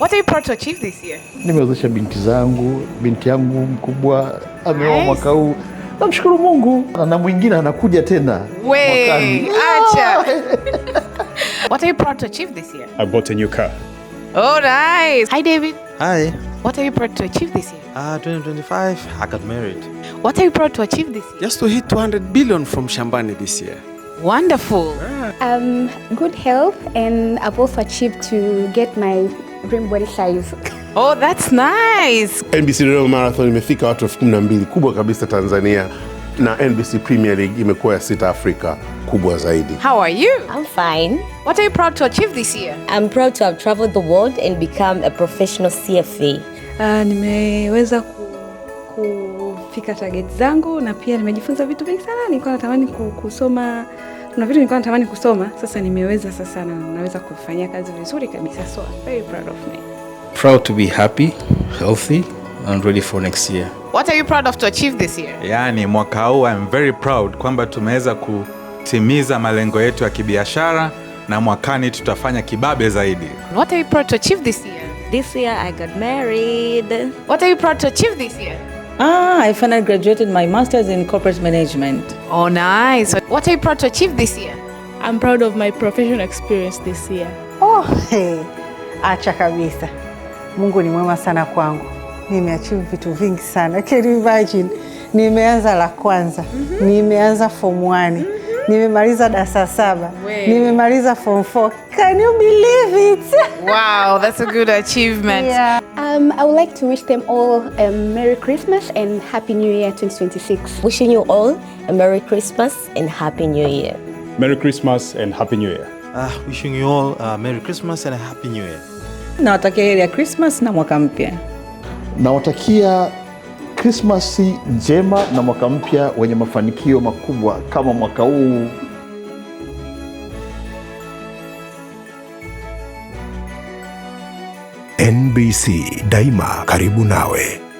What are you proud to achieve this year? Nimewezesha binti zangu, binti yangu mkubwa ameoa nice. Mwaka huu namshukuru Mungu na mwingine anakuja tena. We, acha. Ah! What are you proud to achieve this year? I bought a new car. Oh, nice. Hi David. Hi. What are you proud to achieve this year? Uh, ah, 2025, I got married. What are you proud to achieve this year? Just to hit 200 billion from Shambani this year. Wonderful. Yeah. Um, good health and I've also achieved to get my Dreamboy Live. Oh, that's nice. NBC Radio Marathon imefika watu elfu kumi na mbili, kubwa kabisa Tanzania na NBC Premier League imekuwa ya sita Afrika kubwa zaidi. How are you? I'm fine. What are you proud to achieve this year? I'm proud to have traveled the world and become a professional CFA. Uh, ah, nimeweza kufika target zangu na pia nimejifunza vitu vingi sana. Nilikuwa natamani kusoma kuna vitu nilikuwa natamani kusoma, sasa nimeweza, sasa na naweza kufanyia kazi vizuri kabisa. So I'm very proud of me. Proud to be happy, healthy and ready for next year. What are you proud of to achieve this year? Yaani mwaka huu I'm very proud kwamba tumeweza kutimiza malengo yetu ya kibiashara na mwakani tutafanya kibabe zaidi. What are you proud to achieve this year? This year I got married. What are you proud to achieve this year? Ah, I finally graduated my master's in corporate management. Oh, nice. What are you proud to achieve this year? I'm proud of my professional experience this year. Oh, hey. Acha kabisa. Mungu ni mwema sana kwangu. Nimeachieve vitu vingi sana. Can you imagine? Nimeanza la kwanza. Mm -hmm. Nimeanza form 1 nimemaliza darasa saba, nimemaliza form 4. Can you believe it? Wow, that's a good achievement. Yeah. Um, I would like to wish them all a Merry Christmas and Happy New Year 2026. Wishing you all a Merry Christmas and Happy New Year. Merry Christmas and Happy New Year. Uh, wishing you all a Merry Christmas and a Happy New Year. Nawatakia heri ya Christmas na mwaka mpya. Nawatakia Krismasi njema na mwaka mpya wenye mafanikio makubwa kama mwaka huu. NBC daima karibu nawe.